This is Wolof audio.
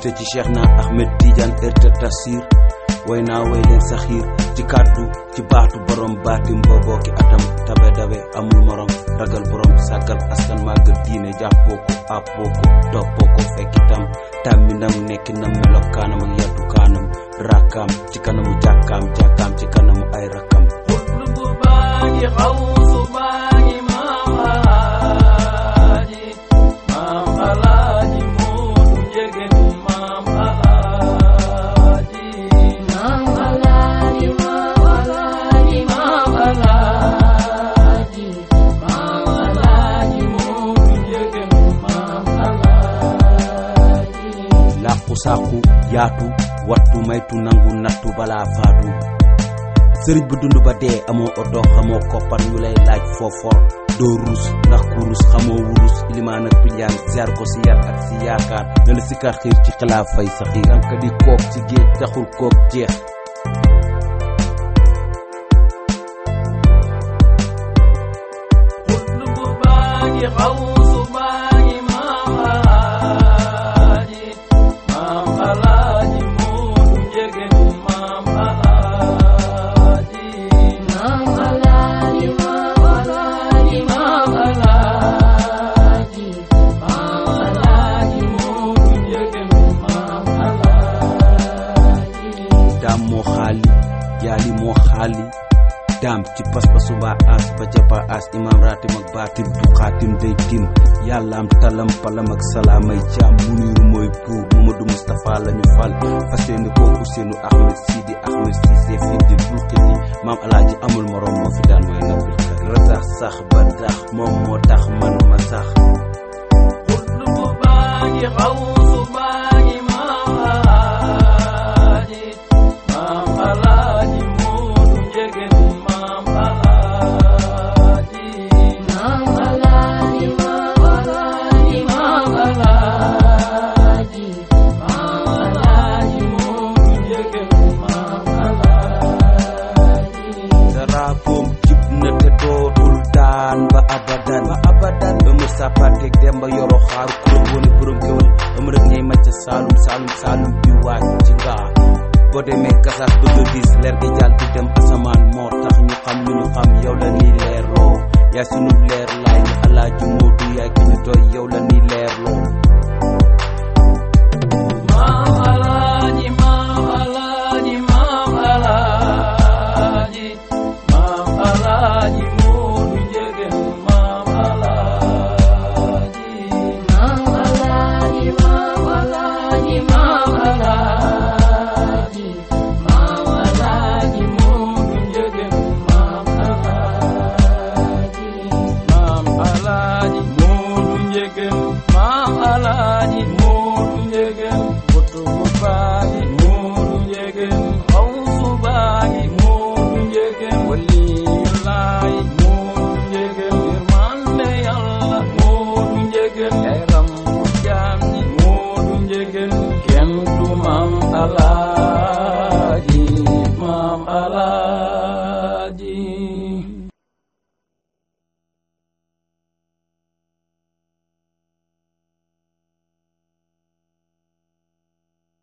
jullite ci cheikh na ahmed tidiane ërta tafsir woy naa way leen sa xiir ci kàddu ci baatu borom baatim boobooki atam tabe-dabe amul morom ragal borom sàggal askan màggal diine jàppoo ko àppoo ko toppoo ko fekkitam tàmminam nekkinam melokaanam ak yaddukaanam rakkaam ci kanamu jàkkaam jàkkaam ci kanamu ay rakkam yaatu wattu maytu nangu nattu balaa faatu sëriñ bu dund ba dee amoo oto xamoo koppar ñu lay laaj foofor doo ruus ndax ku ruus xamoo wurus ilimaan ak piljaan ko si yar ak si yaakaar na la si kar xiir ci xilaa fay sa xiir anka di kook ci géej taxul kook jeex daam moo xaali yaali moo xaali daam ci pas-pasu ba as ba jaba as imaam raatim ak baatim du xaatim day tim yàllaam talam palam ak salaamay jaam muniru mooy buur Mamadou Moustapha lañu fal faseeni ko Ousseynou Ahmed Sidi Ahmed Cissé findi bul këti maam alaaji amul morom moo fi daan way nabil sax ba tax moom moo tax man ma sax kullu mubaali abadan ba abadan ëmër sa patek demba yoro xaaru kuréel wone borom géwël ëmër ak ñay macca saalum saalum saalum bi waaj ci ngaa boo demee kasaas ba nga gis leer gi jàll di dem asamaan moo tax ñu xam lu ñu xam yow la nii leeroo yaa sunu leer